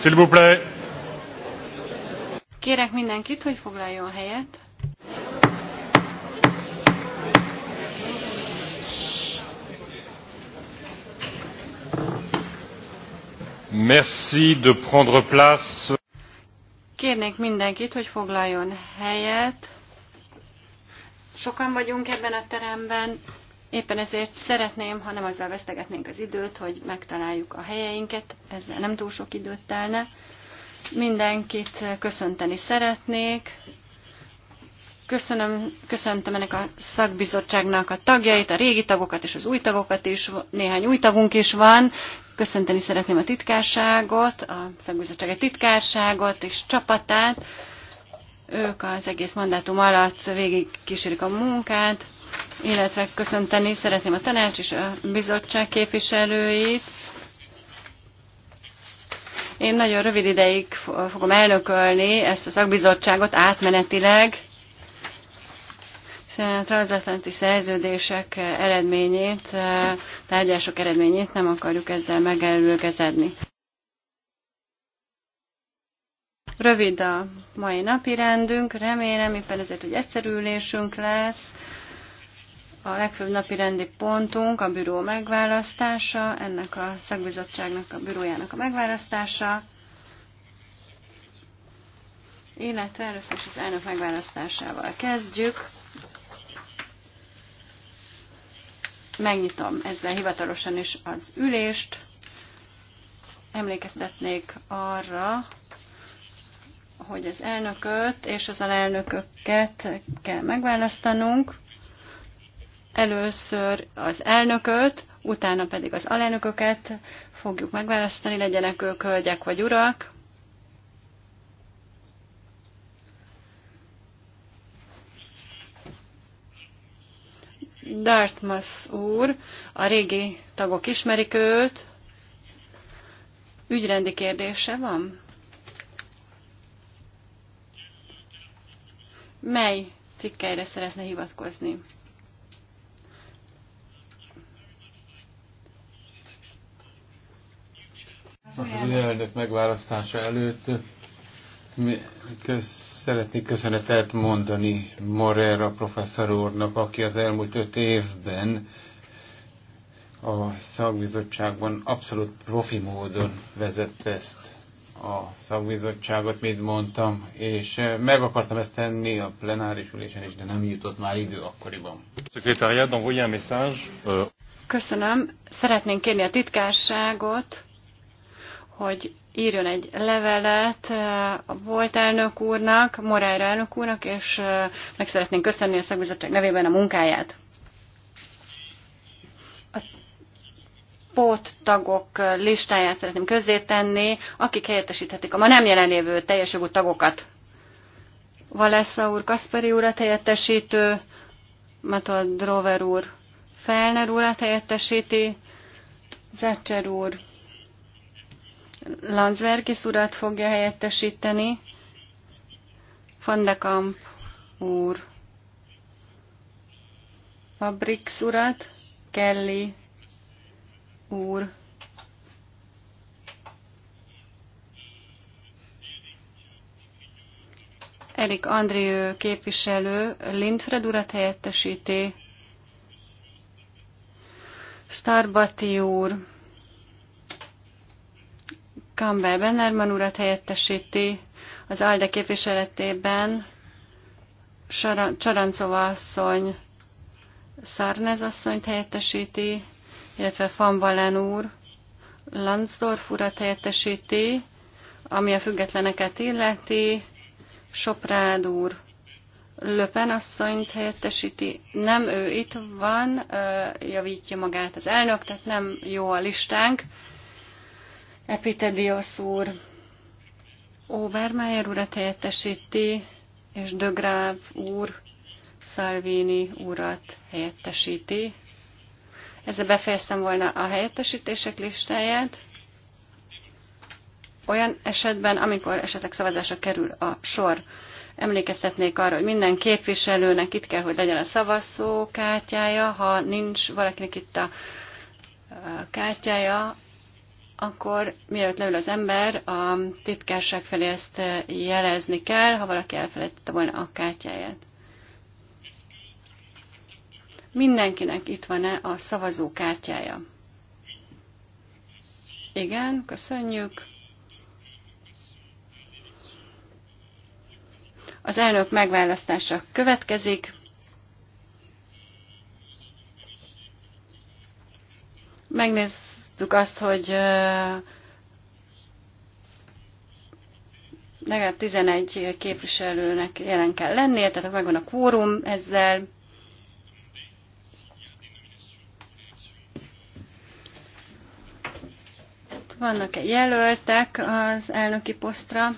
S'il vous plaît. Kérek mindenkit, hogy foglaljon helyet. Merci de prendre place. Kérnék mindenkit, hogy foglaljon helyet sokan vagyunk ebben a teremben, éppen ezért szeretném, ha nem azzal vesztegetnénk az időt, hogy megtaláljuk a helyeinket, ezzel nem túl sok időt telne. Mindenkit köszönteni szeretnék. Köszönöm, köszöntöm ennek a szakbizottságnak a tagjait, a régi tagokat és az új tagokat is, néhány új tagunk is van. Köszönteni szeretném a titkárságot, a szakbizottság titkárságot és csapatát ők az egész mandátum alatt végig kísérik a munkát, illetve köszönteni szeretném a tanács és a bizottság képviselőit. Én nagyon rövid ideig fogom elnökölni ezt a szakbizottságot átmenetileg, hiszen a transatlanti szerződések eredményét, tárgyások eredményét nem akarjuk ezzel megelőgezni. Rövid a mai napi rendünk, remélem, éppen ezért, egy egyszerű ülésünk lesz. A legfőbb napi rendi pontunk a büró megválasztása, ennek a szakbizottságnak, a bürójának a megválasztása, illetve először is az elnök megválasztásával kezdjük. megnyitom ezzel hivatalosan is az ülést. Emlékeztetnék arra, hogy az elnököt és az alelnököket kell megválasztanunk. Először az elnököt, utána pedig az alelnököket fogjuk megválasztani, legyenek ők hölgyek vagy urak. Dartmas úr, a régi tagok ismerik őt. Ügyrendi kérdése van? mely cikkeire szeretne hivatkozni. Az elnök megválasztása előtt köz, szeretnék köszönetet mondani Morera professzor úrnak, aki az elmúlt öt évben a szakbizottságban abszolút profi módon vezette ezt a szakbizottságot, mint mondtam, és eh, meg akartam ezt tenni a plenáris ülésen is, de nem jutott már idő akkoriban. Euh, Köszönöm. Szeretnénk kérni a titkárságot, hogy írjon egy levelet eh, a volt elnök úrnak, Morájra elnök úrnak, és eh, meg szeretnénk köszönni a szakbizottság nevében a munkáját. tagok listáját szeretném közzétenni, akik helyettesíthetik a ma nem jelenlévő teljes jogú tagokat. Valessa úr, Kasperi úrat helyettesítő, Matold Drover úr, Felner úrat helyettesíti, Zacser úr, Lanzverkis urat fogja helyettesíteni, Fondekamp úr, Fabrix urat, Kelly úr. Erik Andriő képviselő Lindfred urat helyettesíti. Starbati úr Kamber Bennerman urat helyettesíti. Az ALDE képviseletében Csarancova asszony Szárnez asszonyt helyettesíti illetve Van Balen úr Lanzdorf urat helyettesíti, ami a függetleneket illeti, Soprád úr Löpen asszonyt helyettesíti, nem ő itt van, javítja magát az elnök, tehát nem jó a listánk. Epitedios úr Obermeyer urat helyettesíti, és Dögráv úr Salvini urat helyettesíti. Ezzel befejeztem volna a helyettesítések listáját. Olyan esetben, amikor esetleg szavazásra kerül a sor, emlékeztetnék arra, hogy minden képviselőnek itt kell, hogy legyen a kártyája. Ha nincs valakinek itt a kártyája, akkor mielőtt leül az ember, a titkárság felé ezt jelezni kell, ha valaki elfelejtette volna a kártyáját. Mindenkinek itt van-e a szavazókártyája? Igen, köszönjük. Az elnök megválasztása következik. Megnéztük azt, hogy legalább 11 képviselőnek jelen kell lennie, tehát megvan a kórum ezzel. Vannak-e jelöltek az elnöki posztra?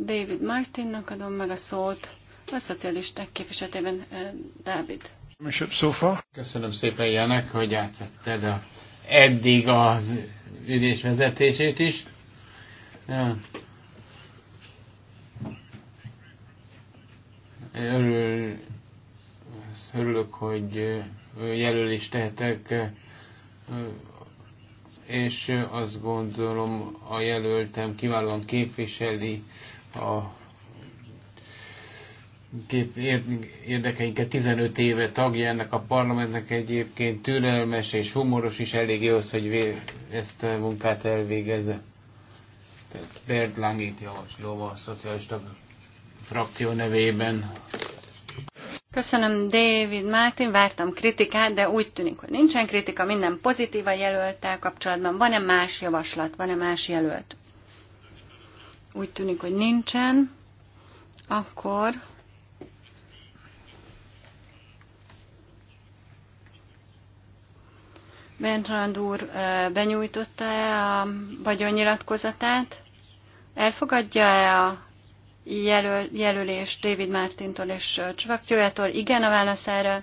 David Martinnak adom meg a szót, a szocialisták képviseletében eh, David. Köszönöm szépen, Janek, hogy átvetted a, eddig az ülés vezetését is. Örül, örülök, hogy eh, jelölést tehetek, és azt gondolom a jelöltem kiválóan képviseli a kép érdekeinket 15 éve tagja ennek a parlamentnek egyébként türelmes és humoros is elég az, hogy ezt a munkát elvégezze. Tehát Bert Langit javaslom a szocialista frakció nevében. Köszönöm, David Martin, vártam kritikát, de úgy tűnik, hogy nincsen kritika, minden pozitív a jelöltel kapcsolatban. Van-e más javaslat, van-e más jelölt? Úgy tűnik, hogy nincsen. Akkor Bentrand úr benyújtotta-e a vagyonnyilatkozatát? Elfogadja-e a jelöl, jelölés David Martintól és Csvakciójától. Igen a válasz erre.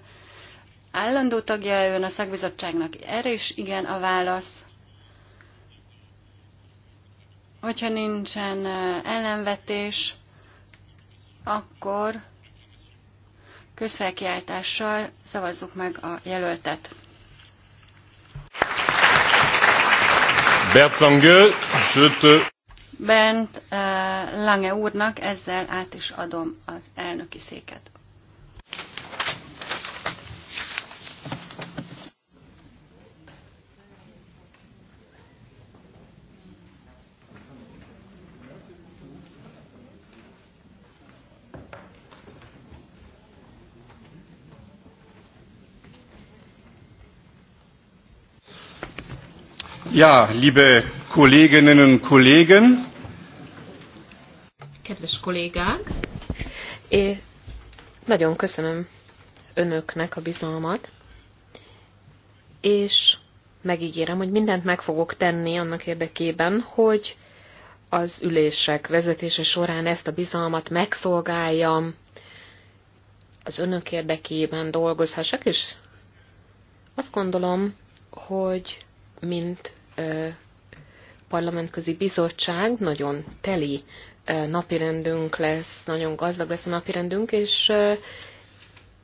Állandó tagja ön a szakbizottságnak. Erre is igen a válasz. Hogyha nincsen ellenvetés, akkor közfelkiáltással szavazzuk meg a jelöltet. Bertrand Gueux, je te... Bent eh, Lange úrnak, ezzel át is adom az elnöki széket. Ja, liebe Kolleginnen und Kollegen, kedves kollégák, én nagyon köszönöm önöknek a bizalmat, és megígérem, hogy mindent meg fogok tenni annak érdekében, hogy az ülések vezetése során ezt a bizalmat megszolgáljam, az önök érdekében dolgozhassak, és azt gondolom, hogy mint parlamentközi bizottság nagyon teli napirendünk lesz, nagyon gazdag lesz a napirendünk, és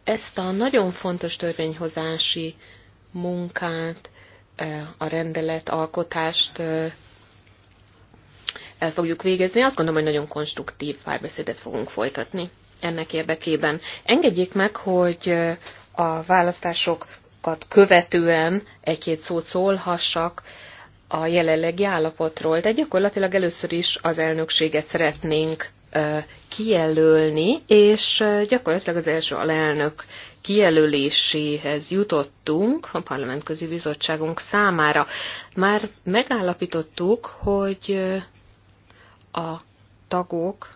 ezt a nagyon fontos törvényhozási munkát, a rendelet alkotást el fogjuk végezni. Azt gondolom, hogy nagyon konstruktív párbeszédet fogunk folytatni ennek érdekében. Engedjék meg, hogy a választásokat követően egy-két szót szólhassak a jelenlegi állapotról, de gyakorlatilag először is az elnökséget szeretnénk kijelölni, és gyakorlatilag az első alelnök kijelöléséhez jutottunk a parlamentközi bizottságunk számára. Már megállapítottuk, hogy a tagok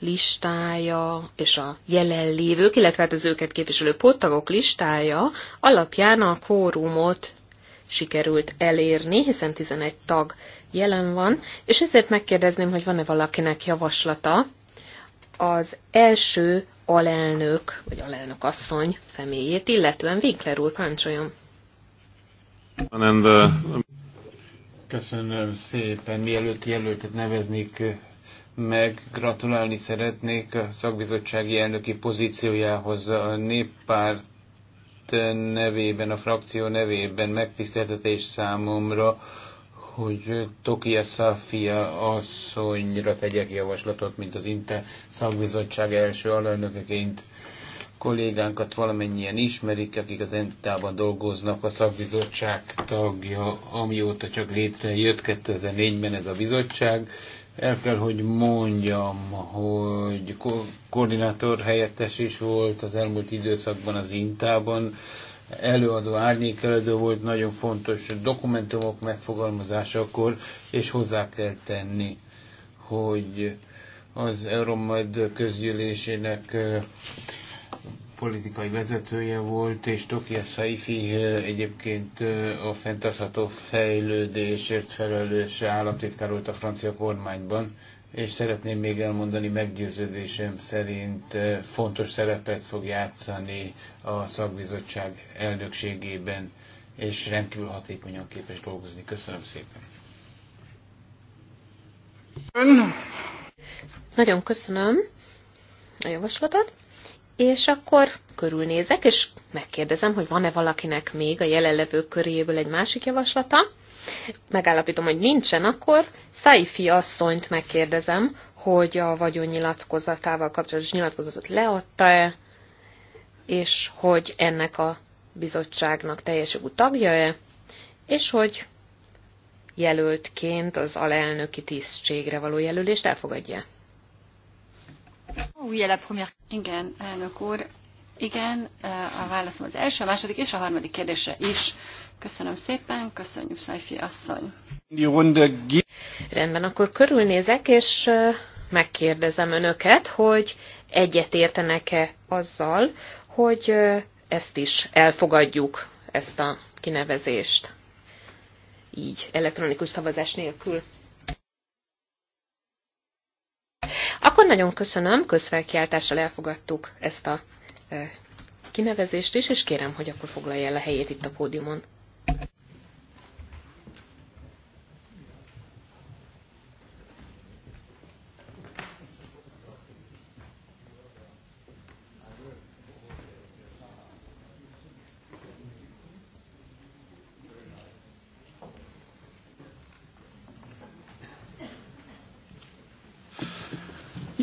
listája és a jelenlévők, illetve hát az őket képviselő póttagok listája alapján a kórumot sikerült elérni, hiszen 11 tag jelen van, és ezért megkérdezném, hogy van-e valakinek javaslata az első alelnök, vagy alelnök asszony személyét, illetően Winkler úr, parancsoljon. Köszönöm szépen. Mielőtt jelöltet neveznék meg, gratulálni szeretnék a szakbizottsági elnöki pozíciójához. A néppárt nevében, a frakció nevében megtiszteltetés számomra, hogy Tokia Safia asszonyra tegyek javaslatot, mint az Inte szakbizottság első alelnökeként kollégánkat valamennyien ismerik, akik az Entában dolgoznak, a szakbizottság tagja, amióta csak létrejött 2004-ben ez a bizottság el kell, hogy mondjam, hogy ko- koordinátor helyettes is volt az elmúlt időszakban az Intában, előadó, árnyék előadó volt, nagyon fontos dokumentumok megfogalmazásakor, és hozzá kell tenni, hogy az Euromed közgyűlésének politikai vezetője volt, és Tokia Saifi egyébként a fenntartható fejlődésért felelős államtitkár volt a francia kormányban, és szeretném még elmondani, meggyőződésem szerint fontos szerepet fog játszani a szakbizottság elnökségében, és rendkívül hatékonyan képes dolgozni. Köszönöm szépen! Ön. Nagyon köszönöm a javaslatot és akkor körülnézek, és megkérdezem, hogy van-e valakinek még a jelenlevő köréből egy másik javaslata. Megállapítom, hogy nincsen, akkor Saifi asszonyt megkérdezem, hogy a vagyonnyilatkozatával kapcsolatos nyilatkozatot leadta-e, és hogy ennek a bizottságnak teljes jogú tagja-e, és hogy jelöltként az alelnöki tisztségre való jelölést elfogadja. Igen, elnök úr. Igen, a válaszom az első, a második és a harmadik kérdése is. Köszönöm szépen, köszönjük Szajfi asszony. Rendben, akkor körülnézek, és megkérdezem önöket, hogy egyet értenek-e azzal, hogy ezt is elfogadjuk, ezt a kinevezést így elektronikus szavazás nélkül. Akkor nagyon köszönöm, közfelkiáltással elfogadtuk ezt a kinevezést is, és kérem, hogy akkor foglalja el a helyét itt a pódiumon.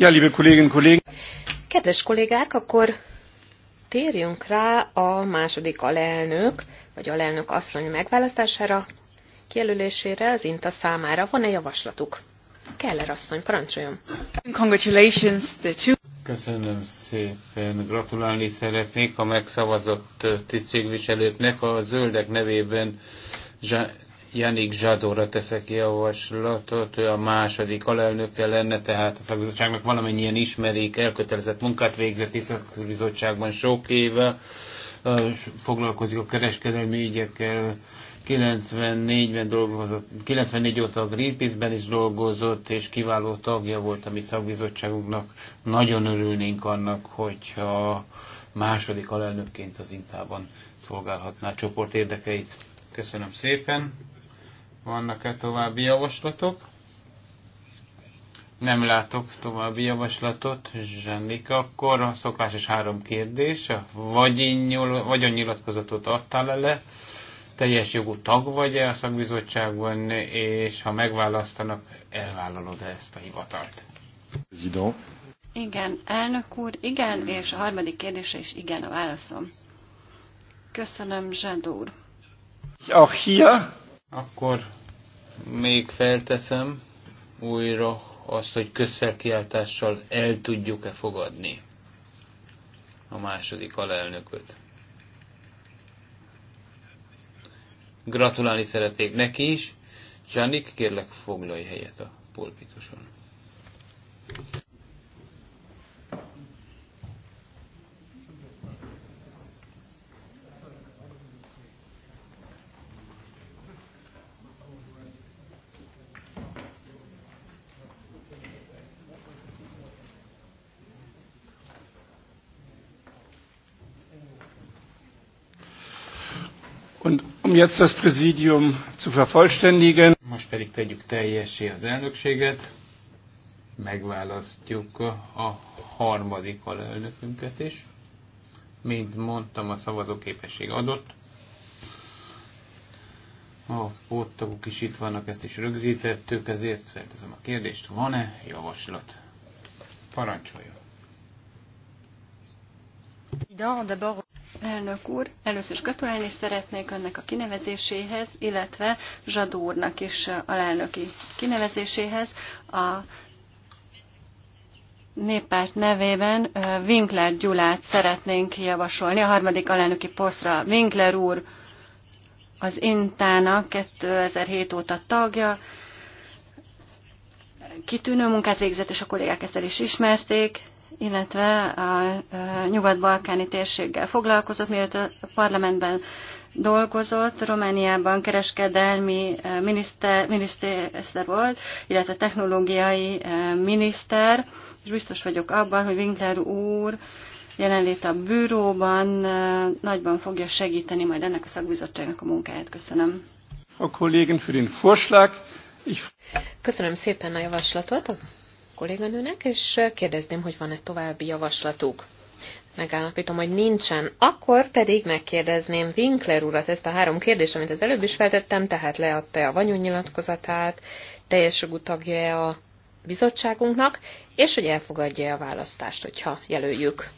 Ja, liebe Kolleginnen und Kollegen. Kedves kollégák, akkor térjünk rá a második alelnök, vagy alelnök asszony megválasztására, kijelölésére az INTA számára. Van-e javaslatuk? Keller asszony, parancsoljon. Congratulations, the two... Köszönöm szépen. Gratulálni szeretnék a megszavazott tisztségviselőknek a zöldek nevében Janik Zsadóra teszek javaslatot, ő a második alelnöke lenne, tehát a szakbizottságnak valamennyien ismerik, elkötelezett munkát végzett, és a szakbizottságban sok éve foglalkozik a kereskedelmi ügyekkel, 94-ben dolgozott, 94 óta a Greenpeace-ben is dolgozott, és kiváló tagja volt a mi szakbizottságunknak. Nagyon örülnénk annak, hogyha második alelnökként az Intában szolgálhatná a csoport érdekeit. Köszönöm szépen! Vannak-e további javaslatok? Nem látok további javaslatot, Zsendik, Akkor a szokásos három kérdés. vagy Vagyonnyilatkozatot adtál -e le? Teljes jogú tag vagy-e a szakbizottságban, és ha megválasztanak, elvállalod -e ezt a hivatalt? Zidó. Igen, elnök úr, igen, és a harmadik kérdése is igen a válaszom. Köszönöm, Zsendó úr. Ja, hier akkor még felteszem újra azt, hogy közfelkiáltással el tudjuk-e fogadni a második alelnököt. Gratulálni szeretnék neki is. Csánik, kérlek foglalj helyet a pulpituson. um jetzt das Präsidium zu vervollständigen. Most pedig tegyük teljesé az elnökséget, megválasztjuk a harmadik alelnökünket is. Mint mondtam, a szavazóképesség adott. A póttagok is itt vannak, ezt is rögzítettük, ezért felteszem a kérdést, van-e javaslat? Parancsoljon elnök úr. Először is gratulálni szeretnék önnek a kinevezéséhez, illetve Zsadórnak is alelnöki kinevezéséhez. A néppárt nevében Winkler Gyulát szeretnénk javasolni. A harmadik alelnöki posztra Winkler úr az Intának 2007 óta tagja. Kitűnő munkát végzett, és a kollégák ezt el is ismerték illetve a nyugat-balkáni térséggel foglalkozott, mielőtt a parlamentben dolgozott, Romániában kereskedelmi e, miniszter, miniszter volt, illetve technológiai e, miniszter, és biztos vagyok abban, hogy Winkler úr jelenlét a bűróban e, nagyban fogja segíteni majd ennek a szakbizottságnak a munkáját. Köszönöm. A kollégin für den Vorschlag. Ich... Köszönöm szépen a javaslatot kolléganőnek, és kérdezném, hogy van-e további javaslatuk. Megállapítom, hogy nincsen. Akkor pedig megkérdezném Winkler urat ezt a három kérdést, amit az előbb is feltettem, tehát leadta a vagyonnyilatkozatát, teljes jogú tagja a bizottságunknak, és hogy elfogadja a választást, hogyha jelöljük.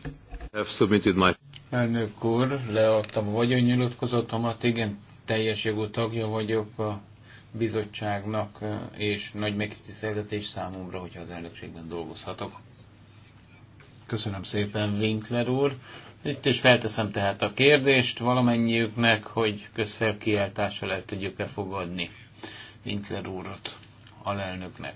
Elnök úr, leadtam a vagyonnyilatkozatomat, igen, teljes jogú tagja vagyok a bizottságnak, eh, és nagy megtiszteltetés számomra, hogyha az elnökségben dolgozhatok. Köszönöm szépen, Winkler úr. Itt is felteszem tehát a kérdést valamennyiüknek, hogy közfelkiáltással el tudjuk-e fogadni Winkler úrot, alelnöknek.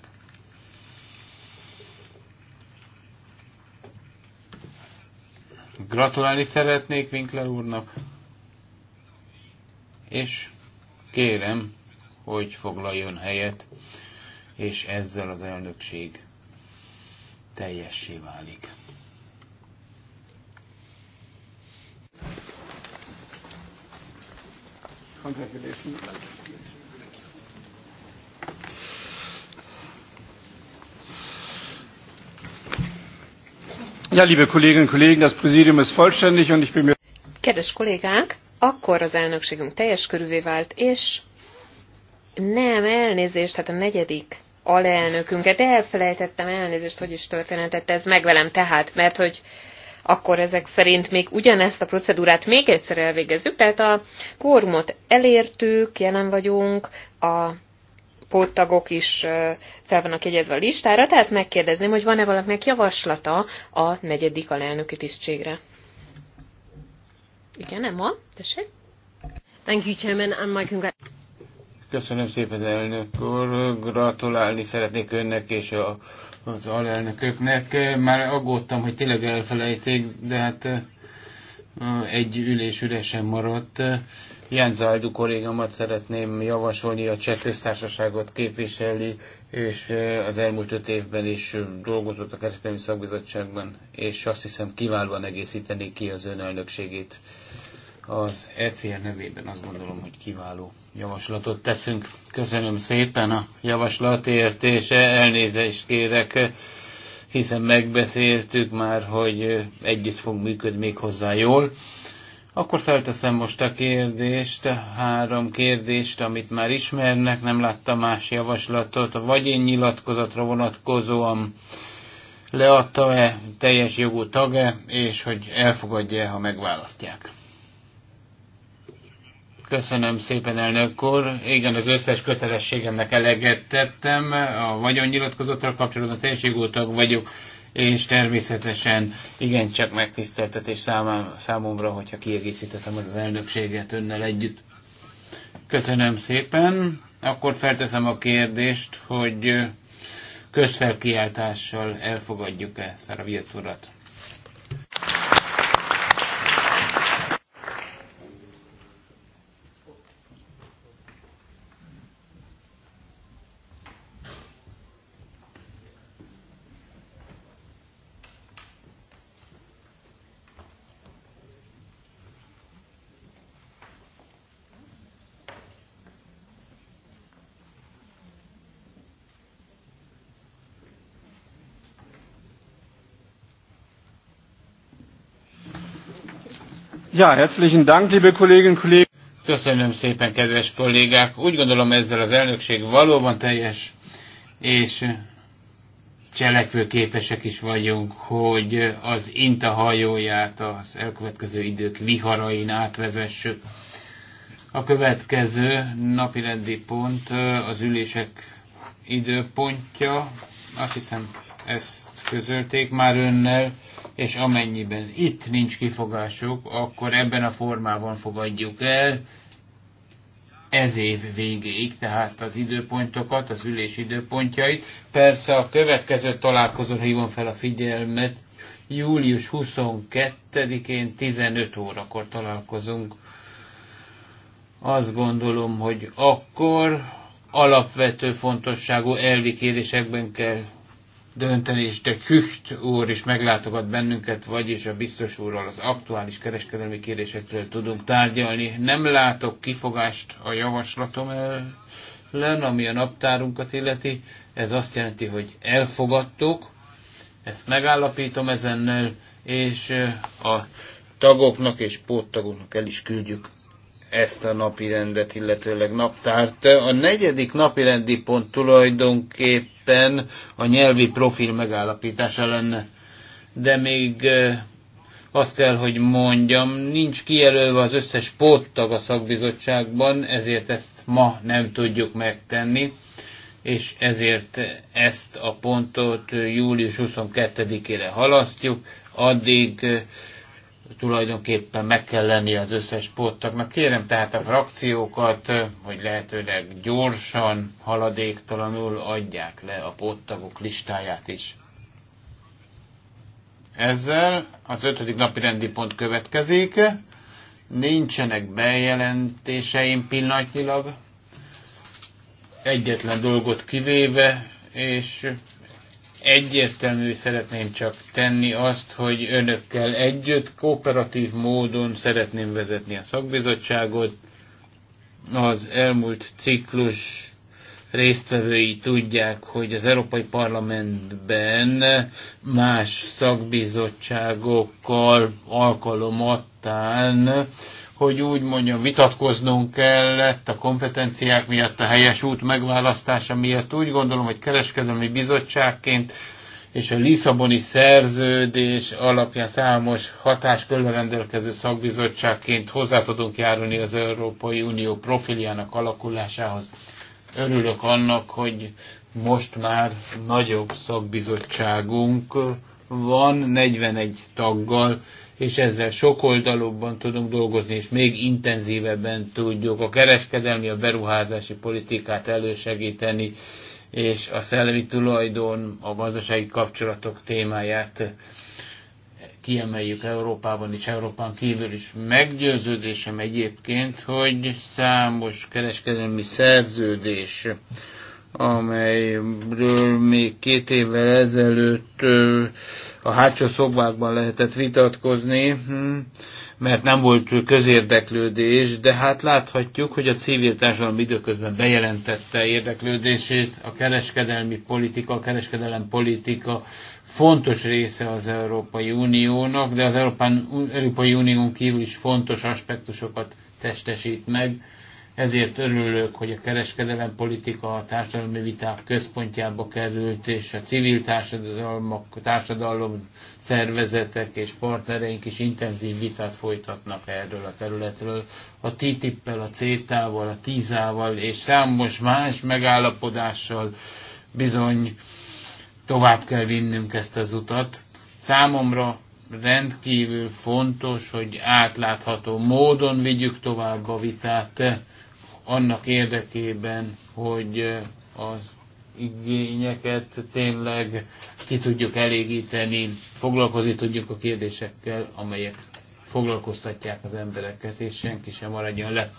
Gratulálni szeretnék Winkler úrnak, és kérem, hogy foglaljon helyet, és ezzel az elnökség teljessé válik. Ja, liebe Kolleginnen und Kollegen, das Präsidium ist vollständig und ich bin mir Kedves kollégák, akkor az elnökségünk teljes körűvé vált, és nem, elnézést, hát a negyedik alelnökünket elfelejtettem, elnézést, hogy is történetett ez meg velem tehát, mert hogy akkor ezek szerint még ugyanezt a procedúrát még egyszer elvégezzük, tehát a kormot elértük, jelen vagyunk, a póttagok is fel vannak jegyezve a listára, tehát megkérdezném, hogy van-e valakinek javaslata a negyedik alelnöki tisztségre. Igen, Emma, tessék. Thank you, Chairman, and my Köszönöm szépen, elnök úr. Gratulálni szeretnék önnek és a, az alelnököknek. Már aggódtam, hogy tényleg elfelejték, de hát egy ülés üresen maradt. Ján Zajdu kollégámat szeretném javasolni, a Cseh Köztársaságot képviseli, és az elmúlt öt évben is dolgozott a Kereskedelmi Szakbizottságban, és azt hiszem kiválóan egészíteni ki az ön elnökségét az ECR nevében azt gondolom, hogy kiváló javaslatot teszünk. Köszönöm szépen a javaslatért, és elnézést kérek, hiszen megbeszéltük már, hogy együtt fog működni még hozzá jól. Akkor felteszem most a kérdést, három kérdést, amit már ismernek, nem láttam más javaslatot. A vagy én nyilatkozatra vonatkozóan leadta-e, teljes jogú tag-e, és hogy elfogadja-e, ha megválasztják. Köszönöm szépen, elnök úr. Igen, az összes kötelességemnek eleget tettem. A vagyonnyilatkozatra kapcsolatban teljes jogútak vagyok, és természetesen igen, csak megtiszteltetés számomra, hogyha kiegészítettem az elnökséget önnel együtt. Köszönöm szépen. Akkor felteszem a kérdést, hogy közfelkiáltással elfogadjuk-e Szaraviec urat. Ja, herzlichen Dank, liebe Kolleginnen und Kollegen. Köszönöm szépen, kedves kollégák. Úgy gondolom ezzel az elnökség valóban teljes és cselekvőképesek is vagyunk, hogy az Inta hajóját az elkövetkező idők viharain átvezessük. A következő napirendi pont az ülések időpontja. Azt hiszem, ez közölték már önnel, és amennyiben itt nincs kifogásuk, akkor ebben a formában fogadjuk el ez év végéig, tehát az időpontokat, az ülés időpontjait. Persze a következő találkozón hívom fel a figyelmet, július 22-én 15 órakor találkozunk. Azt gondolom, hogy akkor alapvető fontosságú elvi kérdésekben kell dönteni, és de Kücht úr is meglátogat bennünket, vagyis a biztos úrral az aktuális kereskedelmi kérdésekről tudunk tárgyalni. Nem látok kifogást a javaslatom ellen, ami a naptárunkat illeti. Ez azt jelenti, hogy elfogadtuk, ezt megállapítom ezennel, és eh, a tagoknak és póttagoknak el is küldjük ezt a napi rendet, illetőleg naptárt. A negyedik napi rendi pont tulajdonképpen a nyelvi profil megállapítása lenne. De még azt kell, hogy mondjam, nincs kijelölve az összes póttag a szakbizottságban, ezért ezt ma nem tudjuk megtenni, és ezért ezt a pontot július 22-ére halasztjuk. Addig tulajdonképpen meg kell lennie az összes pottaknak. Kérem tehát a frakciókat, hogy lehetőleg gyorsan, haladéktalanul adják le a pottagok listáját is. Ezzel az ötödik napi rendi pont következik. Nincsenek bejelentéseim pillanatnyilag. Egyetlen dolgot kivéve, és egyértelmű szeretném csak tenni azt, hogy önökkel együtt kooperatív módon szeretném vezetni a szakbizottságot. Az elmúlt ciklus résztvevői tudják, hogy az Európai Parlamentben más szakbizottságokkal alkalomattán hogy úgy mondjam, vitatkoznunk kellett a kompetenciák miatt, a helyes út megválasztása miatt. Úgy gondolom, hogy kereskedelmi bizottságként és a Lisszaboni szerződés alapján számos hatáskörben rendelkező szakbizottságként hozzá tudunk járulni az Európai Unió profiljának alakulásához. Örülök annak, hogy most már nagyobb szakbizottságunk van, 41 taggal, és ezzel sokoldalúbban tudunk dolgozni, és még intenzívebben tudjuk a kereskedelmi, a beruházási politikát elősegíteni, és a szellemi tulajdon, a gazdasági kapcsolatok témáját kiemeljük Európában és Európán kívül is. Meggyőződésem egyébként, hogy számos kereskedelmi szerződés amelyről még két évvel ezelőtt a hátsó szobákban lehetett vitatkozni, hm, mert nem volt közérdeklődés, de hát láthatjuk, hogy a civil társadalom időközben bejelentette érdeklődését, a kereskedelmi politika, a kereskedelem politika fontos része az Európai Uniónak, de az Európai Unión kívül is fontos aspektusokat testesít meg, ezért örülök, hogy a kereskedelem politika a társadalmi viták központjába került, és a civil társadalmak, társadalom szervezetek és partnereink is intenzív vitát folytatnak erről a területről. A TTIP-pel, a CETA-val, a TISA-val és számos más megállapodással bizony tovább kell vinnünk ezt az utat. Számomra rendkívül fontos, hogy átlátható módon vigyük tovább a vitát, annak érdekében, hogy az igényeket tényleg ki tudjuk elégíteni, foglalkozni tudjuk a kérdésekkel, amelyek foglalkoztatják az embereket, és senki sem maradjon le.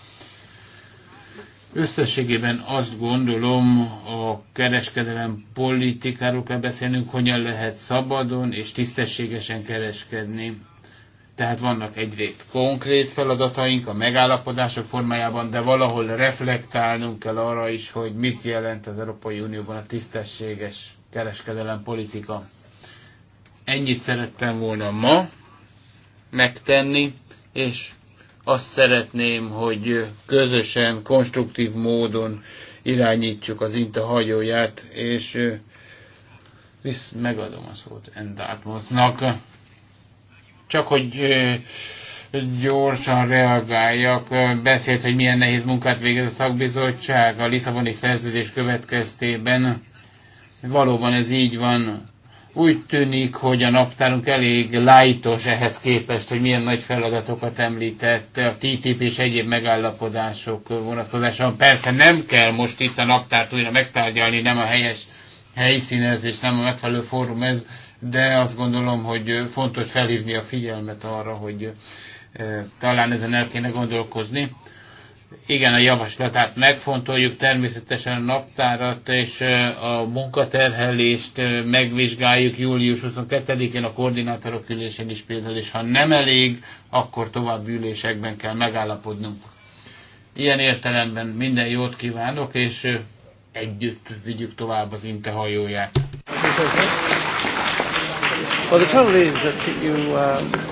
Összességében azt gondolom, a kereskedelem politikáról kell beszélnünk, hogyan lehet szabadon és tisztességesen kereskedni. Tehát vannak egyrészt konkrét feladataink a megállapodások formájában, de valahol reflektálnunk kell arra is, hogy mit jelent az Európai Unióban a tisztességes kereskedelem politika. Ennyit szerettem volna ma megtenni, és azt szeretném, hogy közösen, konstruktív módon irányítsuk az Inta hagyóját, és visz megadom a szót Endártmosznak. Csak hogy gyorsan reagáljak. Beszélt, hogy milyen nehéz munkát végez a szakbizottság a Lisszaboni szerződés következtében. Valóban ez így van. Úgy tűnik, hogy a naptárunk elég lájtos ehhez képest, hogy milyen nagy feladatokat említett a TTIP és egyéb megállapodások vonatkozásában. Persze nem kell most itt a naptárt újra megtárgyalni, nem a helyes helyszínezés, ez, nem a megfelelő fórum ez, de azt gondolom, hogy fontos felhívni a figyelmet arra, hogy talán ezen el kéne gondolkozni. Igen, a javaslatát megfontoljuk, természetesen a naptárat és a munkaterhelést megvizsgáljuk július 22-én a koordinátorok ülésén is például, és ha nem elég, akkor tovább ülésekben kell megállapodnunk. Ilyen értelemben minden jót kívánok, és együtt vigyük tovább az Inte hajóját. Köszönöm. Well, the trouble is that you. Um,